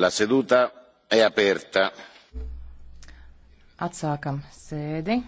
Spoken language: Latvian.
La seduta è aperta. Atsākam sēdi.